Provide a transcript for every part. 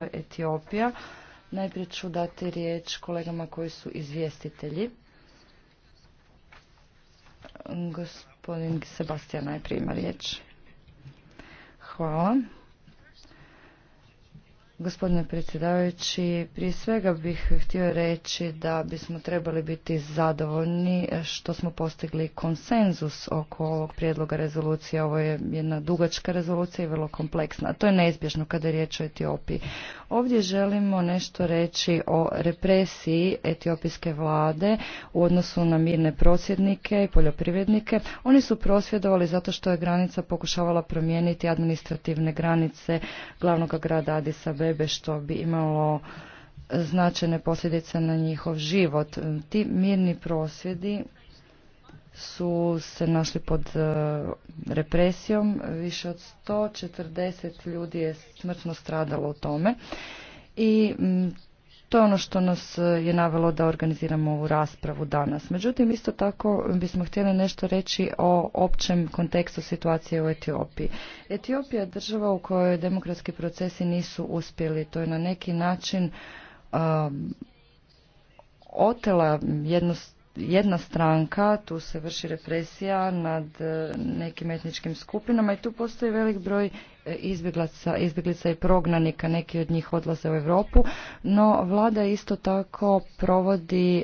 Etiopija. Najprije ću dati riječ kolegama koji su izvjestitelji. Gospodin Sebastian najprije ima riječ. Hvala. Gospodine predsjedavajući, prije svega bih htio reći da bismo trebali biti zadovoljni što smo postigli konsenzus oko ovog prijedloga rezolucije. Ovo je jedna dugačka rezolucija i vrlo kompleksna. To je neizbježno kada je riječ o Etiopiji. Ovdje želimo nešto reći o represiji etiopijske vlade u odnosu na mirne prosvjednike i poljoprivrednike. Oni su prosvjedovali zato što je granica pokušavala promijeniti administrativne granice glavnog grada Adisa bebe što bi imalo značajne posljedice na njihov život. Ti mirni prosvjedi su se našli pod e, represijom. Više od 140 ljudi je smrtno stradalo u tome i to je ono što nas eh, je navelo da organiziramo ovu raspravu danas. Međutim, isto tako bismo htjeli nešto reći o općem kontekstu situacije u Etiopiji. Etiopija je država u kojoj demokratski procesi nisu uspjeli. To je na neki način eh, otela jednost jedna stranka, tu se vrši represija nad e, nekim etničkim skupinama i tu postoji velik broj e, izbjeglica, izbjeglica i prognanika, neki od njih odlaze u Europu, no vlada isto tako provodi e,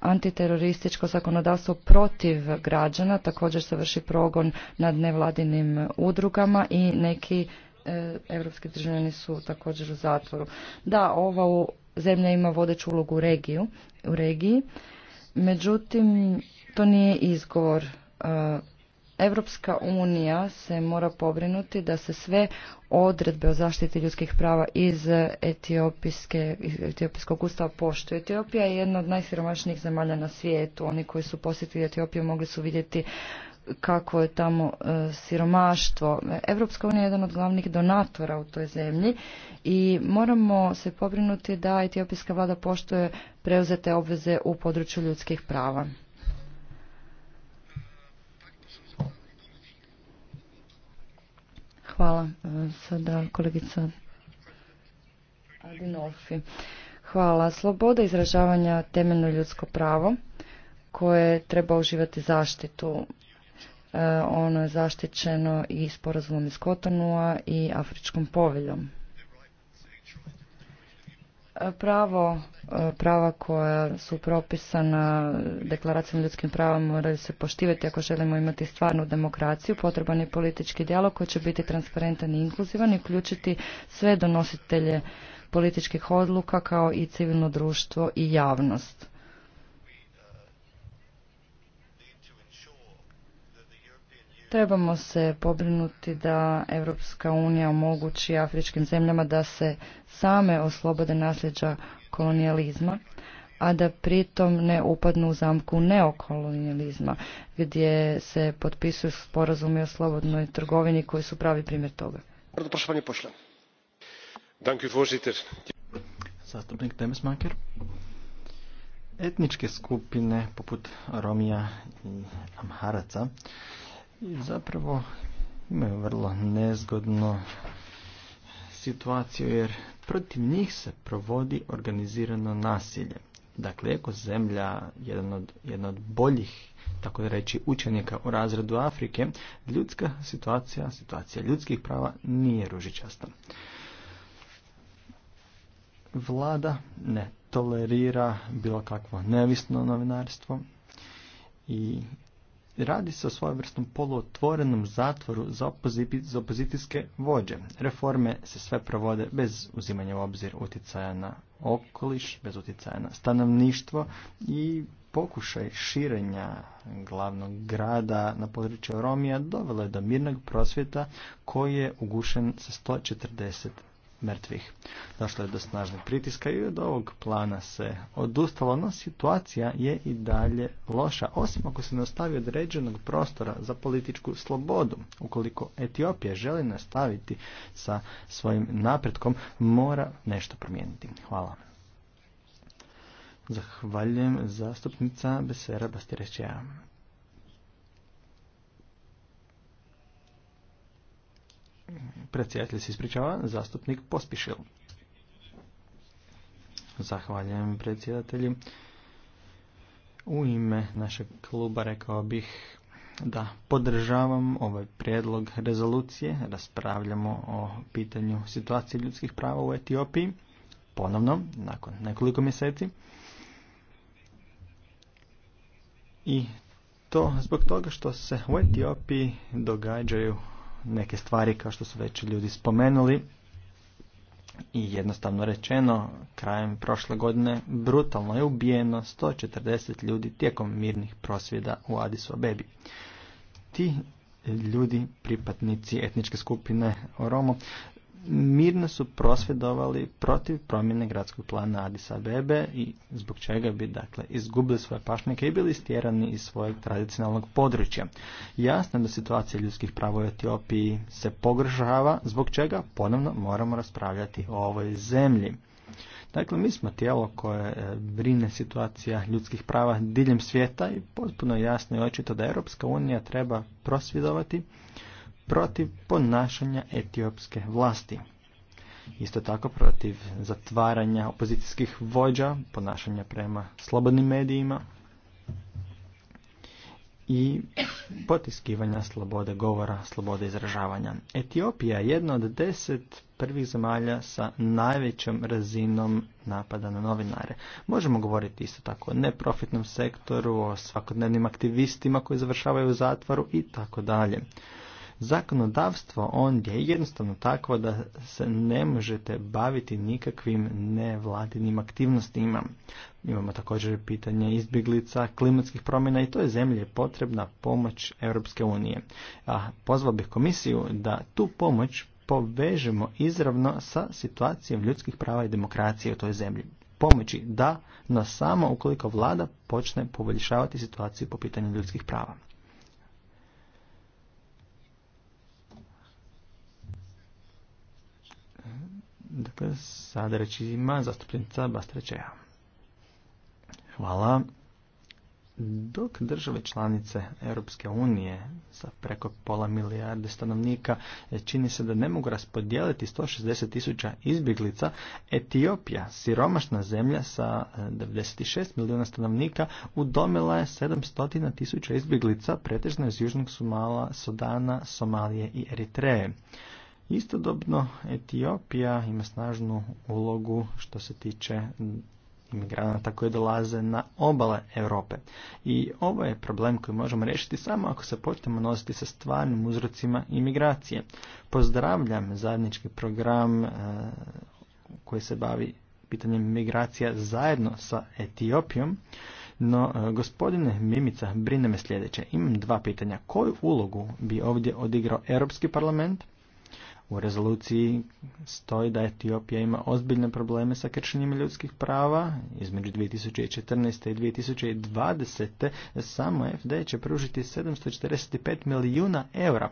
antiterorističko zakonodavstvo protiv građana, također se vrši progon nad nevladinim udrugama i neki e, europski državljani su također u zatvoru. Da, ova zemlja ima vodeću ulogu u regiju, u regiji Međutim, to nije izgovor. Europska unija se mora pobrinuti da se sve odredbe o zaštiti ljudskih prava iz etiopijske, etiopijskog ustava poštuju. Etiopija je jedna od najsiromašnijih zemalja na svijetu. Oni koji su posjetili Etiopiju mogli su vidjeti kako je tamo e, siromaštvo. Evropska unija je jedan od glavnih donatora u toj zemlji i moramo se pobrinuti da etiopijska vlada poštuje preuzete obveze u području ljudskih prava. Hvala. E, sada kolegica Adinolfi. Hvala. Sloboda izražavanja temeljno ljudsko pravo koje treba uživati zaštitu E, ono je zaštićeno i sporazumom iz Kotonua i Afričkom poveljom. E, pravo, e, prava koja su propisana deklaracijom ljudskim pravom moraju se poštivati ako želimo imati stvarnu demokraciju. Potreban je politički dijalog koji će biti transparentan i inkluzivan i uključiti sve donositelje političkih odluka kao i civilno društvo i javnost. Trebamo se pobrinuti da Europska unija omogući afričkim zemljama da se same oslobode nasljeđa kolonijalizma, a da pritom ne upadnu u zamku neokolonijalizma, gdje se potpisuju sporazumi o slobodnoj trgovini koji su pravi primjer toga. Demesmaker. Etničke skupine poput Romija i Amharaca i zapravo imaju vrlo nezgodno situaciju jer protiv njih se provodi organizirano nasilje. Dakle, Eko zemlja, jedan od, jedna od boljih, tako da reći, učenika u razredu Afrike, ljudska situacija, situacija ljudskih prava nije ružičasta. Vlada ne tolerira bilo kakvo nevisno novinarstvo i Radi se o svojevrsnom poluotvorenom zatvoru za, za opozicijske vođe. Reforme se sve provode bez uzimanja u obzir utjecaja na okoliš, bez utjecaja na stanovništvo i pokušaj širenja glavnog grada na području Romija dovelo je do mirnog prosvjeta koji je ugušen sa 140 mrtvih. Došlo je do snažnog pritiska i od ovog plana se odustalo, no situacija je i dalje loša, osim ako se ne ostavi određenog prostora za političku slobodu. Ukoliko Etiopija želi nastaviti sa svojim napretkom, mora nešto promijeniti. Hvala. Zahvaljujem zastupnica Besera Bastirećeja. predsjedatelj se ispričava, zastupnik Pospišil. Zahvaljujem predsjedatelju. U ime našeg kluba rekao bih da podržavam ovaj prijedlog rezolucije. Raspravljamo o pitanju situacije ljudskih prava u Etiopiji. Ponovno, nakon nekoliko mjeseci. I to zbog toga što se u Etiopiji događaju neke stvari kao što su već ljudi spomenuli i jednostavno rečeno krajem prošle godine brutalno je ubijeno 140 ljudi tijekom mirnih prosvjeda u Addis Abebi. Ti ljudi, pripadnici etničke skupine Oromo, mirno su prosvjedovali protiv promjene gradskog plana Adis Abebe i zbog čega bi dakle izgubili svoje pašnjake i bili stjerani iz svojeg tradicionalnog područja. Jasno da situacija ljudskih prava u Etiopiji se pogržava, zbog čega ponovno moramo raspravljati o ovoj zemlji. Dakle, mi smo tijelo koje e, brine situacija ljudskih prava diljem svijeta i potpuno jasno je očito da Europska unija treba prosvjedovati protiv ponašanja etiopske vlasti. Isto tako protiv zatvaranja opozicijskih vođa, ponašanja prema slobodnim medijima i potiskivanja slobode govora, slobode izražavanja. Etiopija je jedna od deset prvih zemalja sa najvećom razinom napada na novinare. Možemo govoriti isto tako o neprofitnom sektoru, o svakodnevnim aktivistima koji završavaju u zatvoru i tako dalje zakonodavstvo ondje je jednostavno takvo da se ne možete baviti nikakvim nevladinim aktivnostima. Imamo također pitanje izbjeglica, klimatskih promjena i to je zemlje potrebna pomoć Europske unije. A pozvao bih komisiju da tu pomoć povežemo izravno sa situacijom ljudskih prava i demokracije u toj zemlji. Pomoći da, no samo ukoliko vlada počne poboljšavati situaciju po pitanju ljudskih prava. Dakle, sada reći ima zastupnica Bastrečeja. Hvala. Dok države članice Europske unije sa preko pola milijarde stanovnika e, čini se da ne mogu raspodijeliti 160 tisuća izbjeglica, Etiopija, siromašna zemlja sa 96 e, milijuna stanovnika, udomila je 700 tisuća izbjeglica, pretežno iz Južnog Sumala, Sodana, Somalije i Eritreje. Istodobno Etiopija ima snažnu ulogu što se tiče imigranata koji dolaze na obale Europe. I ovo je problem koji možemo riješiti samo ako se počnemo nositi sa stvarnim uzrocima imigracije. Pozdravljam zajednički program e, koji se bavi pitanjem migracija zajedno sa Etiopijom. No, e, gospodine Mimica, brine me sljedeće. Imam dva pitanja. Koju ulogu bi ovdje odigrao Europski parlament? U rezoluciji stoji da Etiopija ima ozbiljne probleme sa kršenjem ljudskih prava. Između 2014. i 2020. samo FD će pružiti 745 milijuna eura.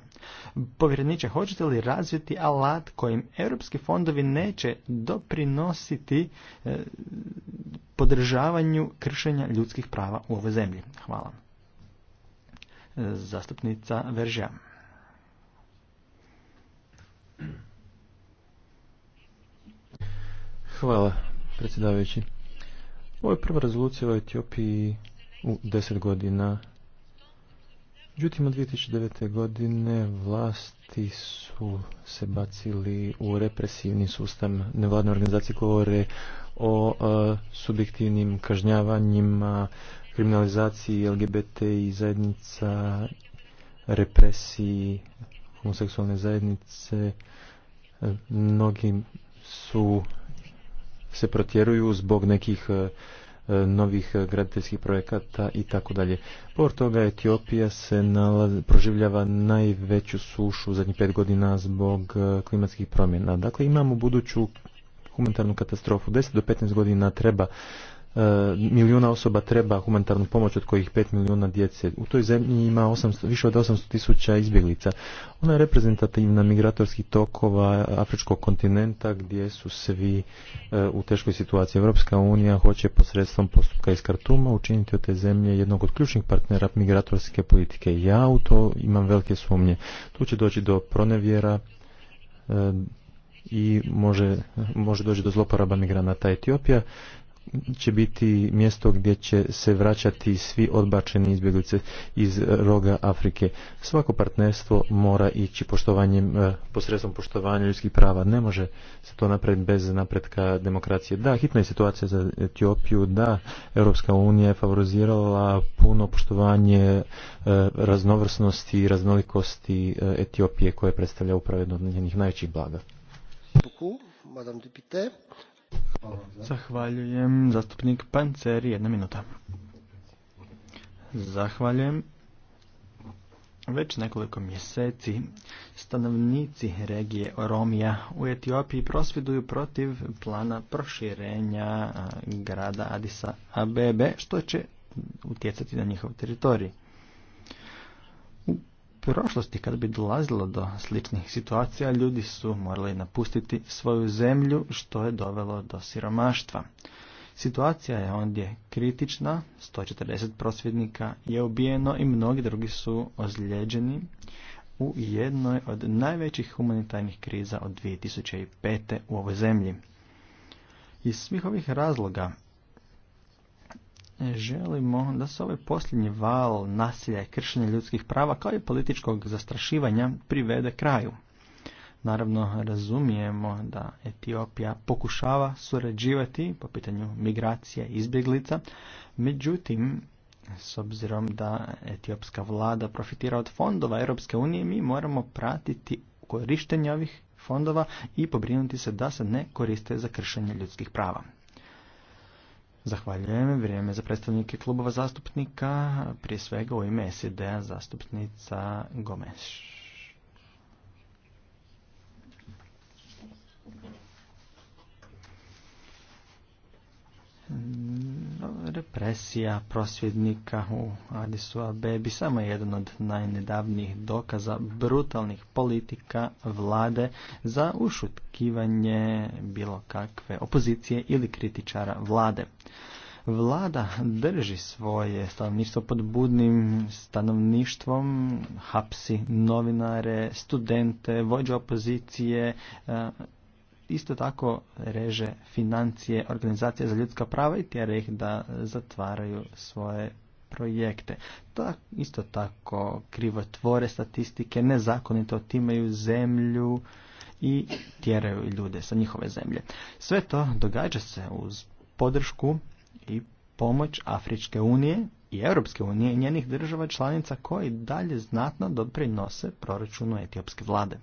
Povjereniče, hoćete li razviti alat kojim europski fondovi neće doprinositi e, podržavanju kršenja ljudskih prava u ovoj zemlji? Hvala. E, zastupnica Veržija. Hvala, predsjedavajući. Ovo je prva rezolucija u Etiopiji u deset godina. Međutim, od 2009. godine vlasti su se bacili u represivni sustav. Nevladne organizacije govore o e, subjektivnim kažnjavanjima, kriminalizaciji LGBT i zajednica, represiji homoseksualne zajednice. E, mnogi su se protjeruju zbog nekih e, e, novih graditeljskih projekata i tako dalje. Por toga Etiopija se nalazi, proživljava najveću sušu zadnjih pet godina zbog e, klimatskih promjena. Dakle, imamo buduću humanitarnu katastrofu. 10 do 15 godina treba Eh, milijuna osoba treba humanitarnu pomoć od kojih 5 milijuna djece. U toj zemlji ima 800, više od 800 tisuća izbjeglica. Ona je reprezentativna migratorskih tokova Afričkog kontinenta gdje su svi eh, u teškoj situaciji. Europska unija hoće posredstvom postupka iz Kartuma učiniti od te zemlje jednog od ključnih partnera migratorske politike. Ja u to imam velike sumnje. Tu će doći do pronevjera eh, i može, može doći do zloporaba migranata Etiopija će biti mjesto gdje će se vraćati svi odbačeni izbjeglice iz e, roga Afrike. Svako partnerstvo mora ići poštovanjem, e, posredstvom poštovanja ljudskih prava. Ne može se to napraviti bez napretka demokracije. Da, hitna je situacija za Etiopiju, da, Europska unija je favorizirala puno poštovanje e, raznovrsnosti i raznolikosti Etiopije koje predstavlja upravedno njenih najvećih blaga. Zahvaljujem. Zastupnik Panceri, jedna minuta. Zahvaljujem. Već nekoliko mjeseci stanovnici regije Oromija u Etiopiji prosvjeduju protiv plana proširenja grada Adisa Abebe, što će utjecati na njihov teritorij prošlosti kad bi dolazilo do sličnih situacija, ljudi su morali napustiti svoju zemlju što je dovelo do siromaštva. Situacija je ondje kritična, 140 prosvjednika je ubijeno i mnogi drugi su ozlijeđeni u jednoj od najvećih humanitarnih kriza od 2005. u ovoj zemlji. Iz svih ovih razloga želimo da se ovaj posljednji val nasilja i kršenja ljudskih prava kao i političkog zastrašivanja privede kraju. Naravno, razumijemo da Etiopija pokušava surađivati po pitanju migracija i izbjeglica, međutim, s obzirom da etiopska vlada profitira od fondova Europske unije, mi moramo pratiti korištenje ovih fondova i pobrinuti se da se ne koriste za kršenje ljudskih prava. Zahvaljujem. Vrijeme za predstavnike klubova zastupnika. Prije svega u ime sid zastupnica Gomes. Represija prosvjednika u Adisu Abebi samo je jedan od najnedavnijih dokaza brutalnih politika vlade za ušutkivanje bilo kakve opozicije ili kritičara vlade. Vlada drži svoje stanovništvo pod budnim stanovništvom, hapsi novinare, studente, vođe opozicije, isto tako reže financije organizacije za ljudska prava i tjera ih da zatvaraju svoje projekte. To isto tako krivotvore statistike, nezakonito otimaju zemlju i tjeraju ljude sa njihove zemlje. Sve to događa se uz podršku i pomoć Afričke unije i Europske unije i njenih država članica koji dalje znatno doprinose proračunu etiopske vlade.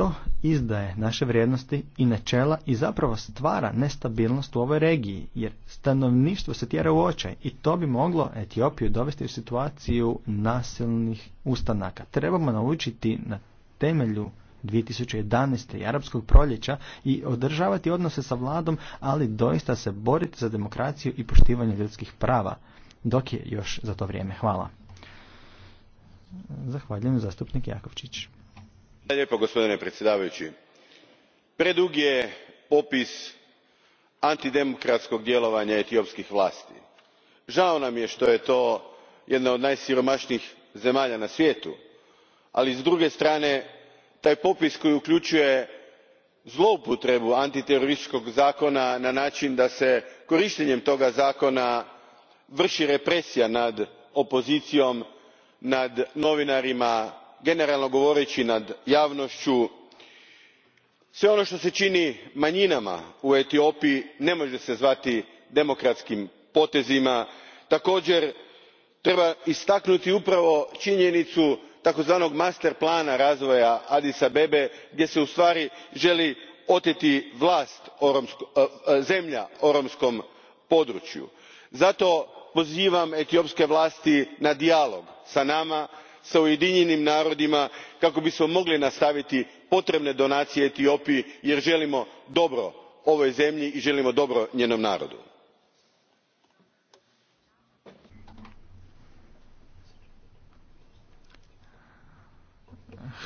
To izdaje naše vrijednosti i načela i zapravo stvara nestabilnost u ovoj regiji, jer stanovništvo se tjera u očaj i to bi moglo Etiopiju dovesti u situaciju nasilnih ustanaka. Trebamo naučiti na temelju 2011. i arapskog proljeća i održavati odnose sa vladom, ali doista se boriti za demokraciju i poštivanje ljudskih prava, dok je još za to vrijeme. Hvala. Zahvaljujem zastupnik Jakovčić gospodine predsjedavajući, predug je popis antidemokratskog djelovanja etiopskih vlasti. žao nam je što je to jedna od najsiromašnijih zemalja na svijetu ali s druge strane taj popis koji uključuje zloupotrebu antiterorističkog zakona na način da se korištenjem toga zakona vrši represija nad opozicijom nad novinarima generalno govoreći nad javnošću sve ono što se čini manjinama u etiopiji ne može se zvati demokratskim potezima. također treba istaknuti upravo činjenicu tzv. master plana razvoja addis abebe gdje se ustvari želi oteti e, e, zemlja oromskom području. zato pozivam etiopske vlasti na dijalog s nama sa ujedinjenim narodima kako bismo mogli nastaviti potrebne donacije etiopiji jer želimo dobro ovoj zemlji i želimo dobro njenom narodu.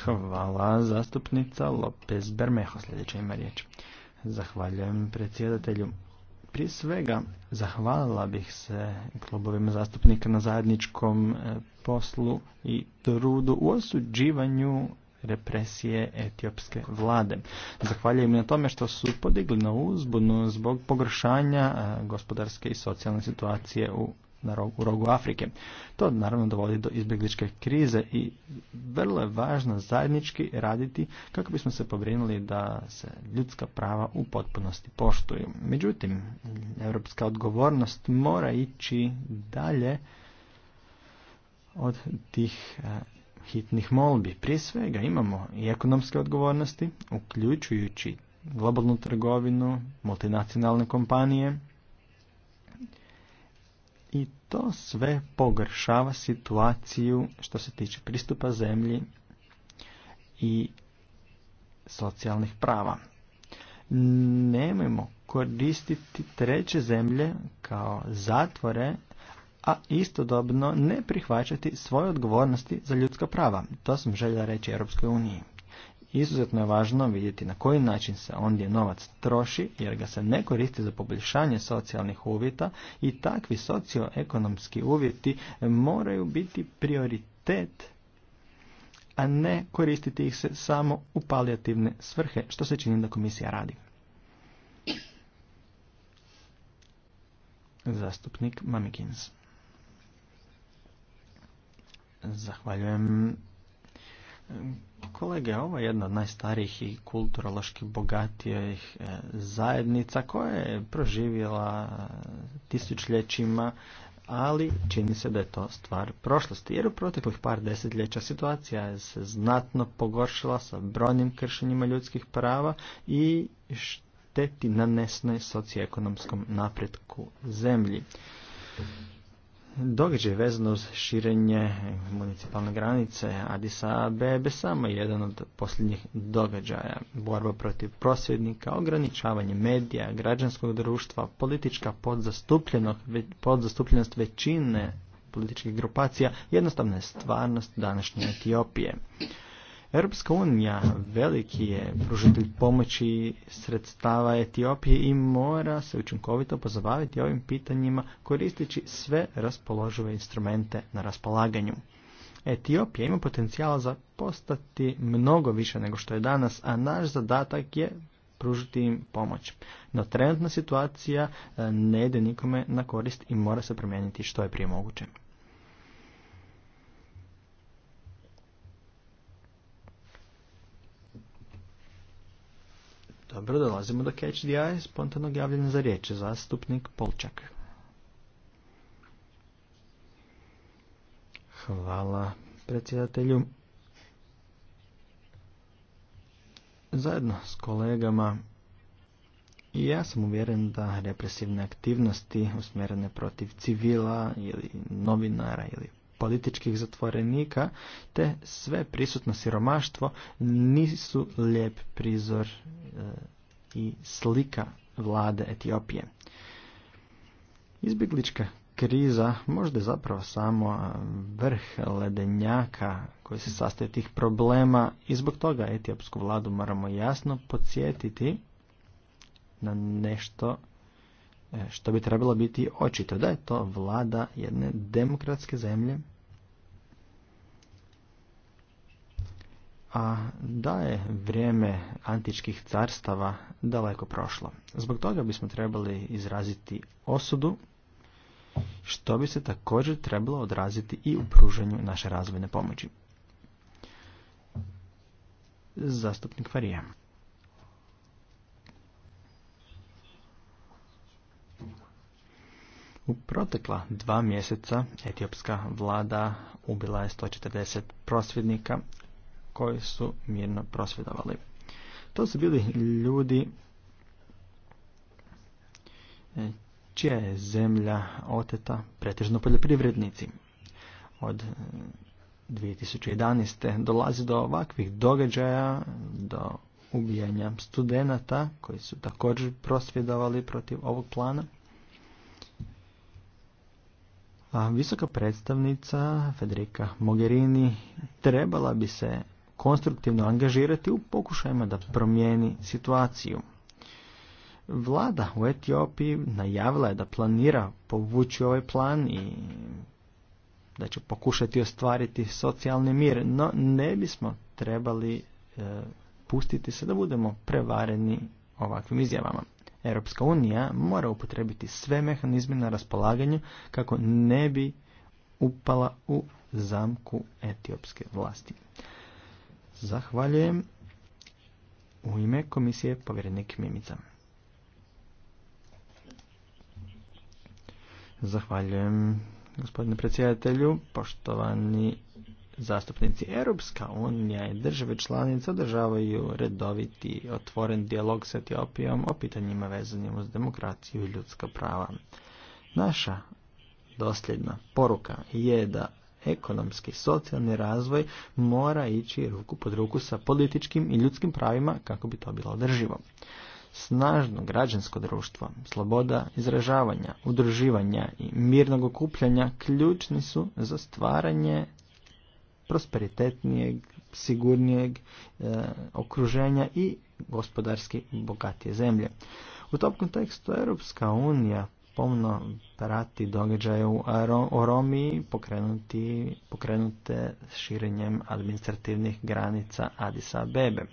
Hvala zastupnica Lopez Sljedeća ima Zahvaljujem predsjedatelju. Prije svega, zahvalila bih se klubovima zastupnika na zajedničkom e, poslu i trudu u osuđivanju represije etiopske vlade. Zahvaljujem na tome što su podigli na uzbunu zbog pogoršanja e, gospodarske i socijalne situacije u na rogu, u rogu Afrike. To naravno dovodi do izbjegličke krize i vrlo je važno zajednički raditi kako bismo se pobrinuli da se ljudska prava u potpunosti poštuju. Međutim, europska odgovornost mora ići dalje od tih e, hitnih molbi. Prije svega imamo i ekonomske odgovornosti, uključujući globalnu trgovinu, multinacionalne kompanije, to sve pogoršava situaciju što se tiče pristupa zemlji i socijalnih prava. Nemojmo koristiti treće zemlje kao zatvore, a istodobno ne prihvaćati svoje odgovornosti za ljudska prava. To sam želja reći Europskoj uniji. Izuzetno je važno vidjeti na koji način se ondje novac troši, jer ga se ne koristi za poboljšanje socijalnih uvjeta i takvi socioekonomski uvjeti moraju biti prioritet, a ne koristiti ih se samo u palijativne svrhe, što se čini da komisija radi. Zastupnik Mamikins. Zahvaljujem Kolege, ovo je jedna od najstarijih i kulturološki bogatijih e, zajednica koja je proživjela e, tisućljećima, ali čini se da je to stvar prošlosti. Jer u proteklih par desetljeća situacija je se znatno pogoršila sa brojnim kršenjima ljudskih prava i šteti nesnoj socioekonomskom napretku zemlji. Događaj vezano uz širenje municipalne granice Adisa Abebe samo jedan od posljednjih događaja. Borba protiv prosvjednika, ograničavanje medija, građanskog društva, politička podzastupljenost većine političkih grupacija jednostavna je stvarnost današnje Etiopije. Europska unija veliki je pružitelj pomoći sredstava Etiopije i mora se učinkovito pozabaviti ovim pitanjima koristeći sve raspoložive instrumente na raspolaganju. Etiopija ima potencijala za postati mnogo više nego što je danas, a naš zadatak je pružiti im pomoć. No trenutna situacija e, ne ide nikome na korist i mora se promijeniti što je prije moguće. Dobro, dolazimo do Catch the Eye, spontanog javljena za riječ, zastupnik Polčak. Hvala predsjedatelju. Zajedno s kolegama i ja sam uvjeren da represivne aktivnosti usmjerene protiv civila ili novinara ili političkih zatvorenika te sve prisutno siromaštvo nisu lijep prizor i slika vlade Etiopije. Izbjeglička kriza možda je zapravo samo vrh ledenjaka koji se sastoji tih problema i zbog toga etiopsku vladu moramo jasno podsjetiti na nešto e, što bi trebalo biti očito da je to vlada jedne demokratske zemlje a da je vrijeme antičkih carstava daleko prošlo. Zbog toga bismo trebali izraziti osudu, što bi se također trebalo odraziti i u pružanju naše razvojne pomoći. Zastupnik Farija. U protekla dva mjeseca etiopska vlada ubila je 140 prosvjednika, koji su mirno prosvjedovali. To su bili ljudi e, čija je zemlja oteta, pretežno poljoprivrednici. Od 2011. E, dolazi do ovakvih događaja, do ubijanja studenta koji su također prosvjedovali protiv ovog plana. A visoka predstavnica Federica Mogherini trebala bi se konstruktivno angažirati u pokušajima da promijeni situaciju. Vlada u Etiopiji najavila je da planira povući ovaj plan i da će pokušati ostvariti socijalni mir, no ne bismo trebali e, pustiti se da budemo prevareni ovakvim izjavama. Europska unija mora upotrebiti sve mehanizme na raspolaganju kako ne bi upala u zamku etiopske vlasti. Zahvaljujem. U ime komisije povjerenik Mimica. Zahvaljujem gospodine predsjedatelju, poštovani zastupnici Europska unija i države članice održavaju redoviti otvoren dijalog s Etiopijom o pitanjima vezanim uz demokraciju i ljudska prava. Naša dosljedna poruka je da ekonomski, socijalni razvoj mora ići ruku pod ruku sa političkim i ljudskim pravima kako bi to bilo održivo. Snažno građansko društvo, sloboda izražavanja, udruživanja i mirnog okupljanja ključni su za stvaranje prosperitetnijeg, sigurnijeg e, okruženja i gospodarski bogatije zemlje. U tom kontekstu Europska unija pomno prati događaje u romi pokrenuti, pokrenute širenjem administrativnih granica Adisa Abebe.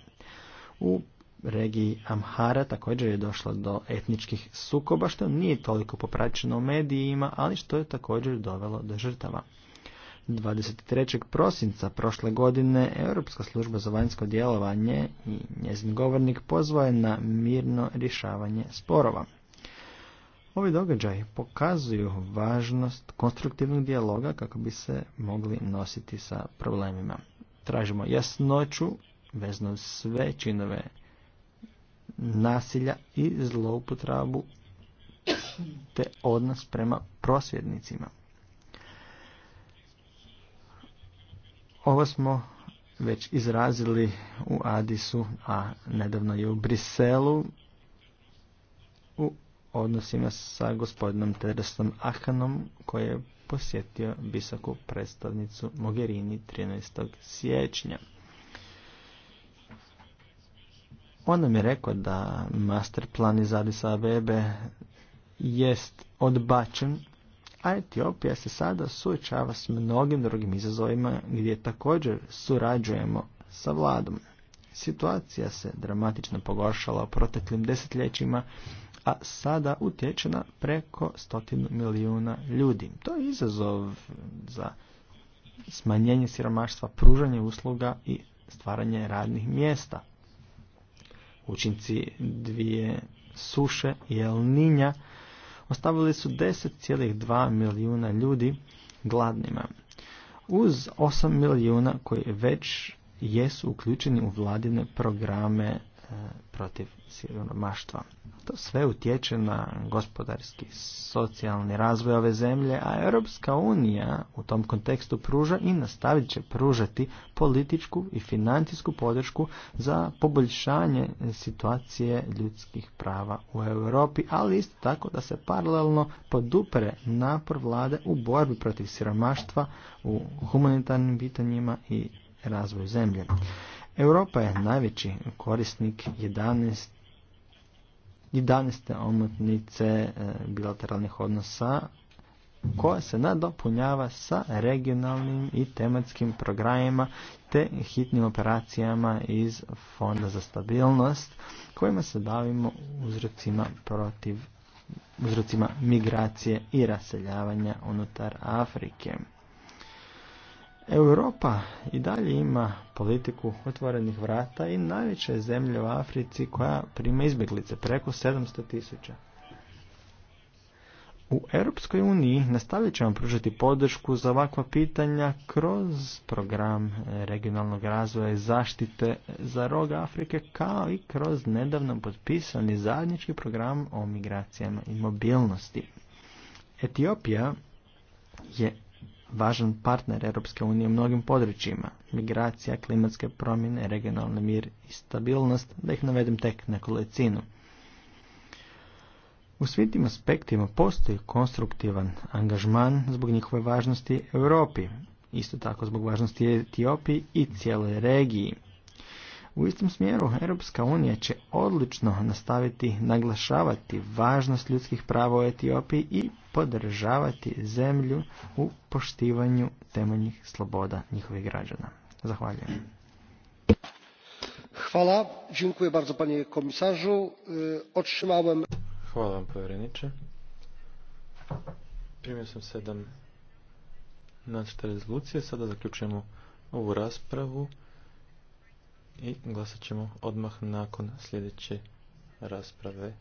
U regiji Amhara također je došlo do etničkih sukoba što nije toliko popraćeno u medijima, ali što je također dovelo do žrtava. 23. prosinca prošle godine Europska služba za vanjsko djelovanje i njezin govornik pozvao je na mirno rješavanje sporova. Ovi događaji pokazuju važnost konstruktivnog dijaloga kako bi se mogli nositi sa problemima. Tražimo jasnoću vezno sve činove nasilja i zloupotrabu te odnos prema prosvjednicima. Ovo smo već izrazili u Adisu, a nedavno je u Briselu u odnosima sa gospodinom Teresom Ahanom koji je posjetio visoku predstavnicu Mogherini 13. siječnja. On nam je rekao da master plan iz Adisa Abebe jest odbačen, a Etiopija se sada suočava s mnogim drugim izazovima gdje također surađujemo sa vladom. Situacija se dramatično pogoršala u proteklim desetljećima a sada utječe na preko stotinu milijuna ljudi. To je izazov za smanjenje siromaštva, pružanje usluga i stvaranje radnih mjesta. Učinci dvije suše i elninja ostavili su 10,2 milijuna ljudi gladnima, uz 8 milijuna koji već jesu uključeni u vladine programe E, protiv siromaštva. To sve utječe na gospodarski, socijalni razvoj ove zemlje, a Europska unija u tom kontekstu pruža i nastavit će pružati političku i financijsku podršku za poboljšanje situacije ljudskih prava u Europi, ali isto tako da se paralelno podupere napor vlade u borbi protiv siromaštva u humanitarnim pitanjima i razvoju zemlje. Europa je najveći korisnik 11. 11. omotnice e, bilateralnih odnosa koja se nadopunjava sa regionalnim i tematskim programima te hitnim operacijama iz Fonda za stabilnost kojima se bavimo uzrocima protiv uzrocima migracije i raseljavanja unutar Afrike. Europa i dalje ima politiku otvorenih vrata i najveća je zemlja u Africi koja prima izbjeglice, preko 700 tisuća. U Europskoj uniji nastavit ćemo pružiti podršku za ovakva pitanja kroz program regionalnog razvoja i zaštite za rog Afrike kao i kroz nedavno potpisani zajednički program o migracijama i mobilnosti. Etiopija je važan partner Europske unije u mnogim područjima. Migracija, klimatske promjene, regionalni mir i stabilnost, da ih navedem tek na kolecinu. U svim tim aspektima postoji konstruktivan angažman zbog njihove važnosti Europi, isto tako zbog važnosti Etiopiji i cijeloj regiji. U istom smjeru Europska unija će odlično nastaviti naglašavati važnost ljudskih prava u Etiopiji i podržavati zemlju u poštivanju temeljnih sloboda njihovih građana. Zahvaljujem. Hvala, dziękuję bardzo panie komisarzu. E, otrzymałem... Hvala vam povjereniče. Primio sam sedam nacrta rezolucije. Sada zaključujemo ovu raspravu i glasat ćemo odmah nakon sljedeće rasprave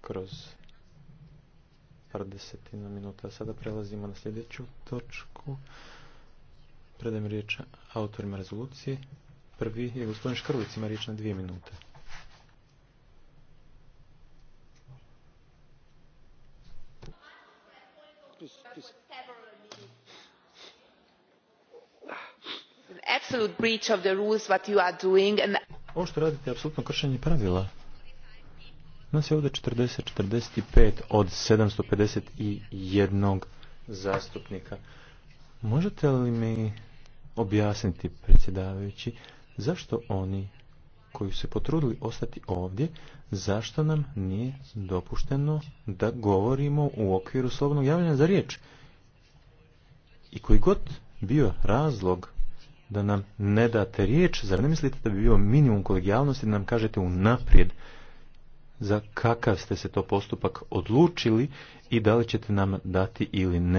kroz par desetina minuta. Sada prelazimo na sljedeću točku. Predajem riječ autorima rezolucije. Prvi je gospodin Škrlic, ima riječ na dvije minute. Ovo što radite je apsolutno kršenje pravila nas je ovdje 40-45 od 751 zastupnika. Možete li mi objasniti, predsjedavajući, zašto oni koji su se potrudili ostati ovdje, zašto nam nije dopušteno da govorimo u okviru slobodnog javljanja za riječ? I koji god bio razlog da nam ne date riječ, zar ne mislite da bi bio minimum kolegijalnosti da nam kažete unaprijed za kakav ste se to postupak odlučili i da li ćete nam dati ili ne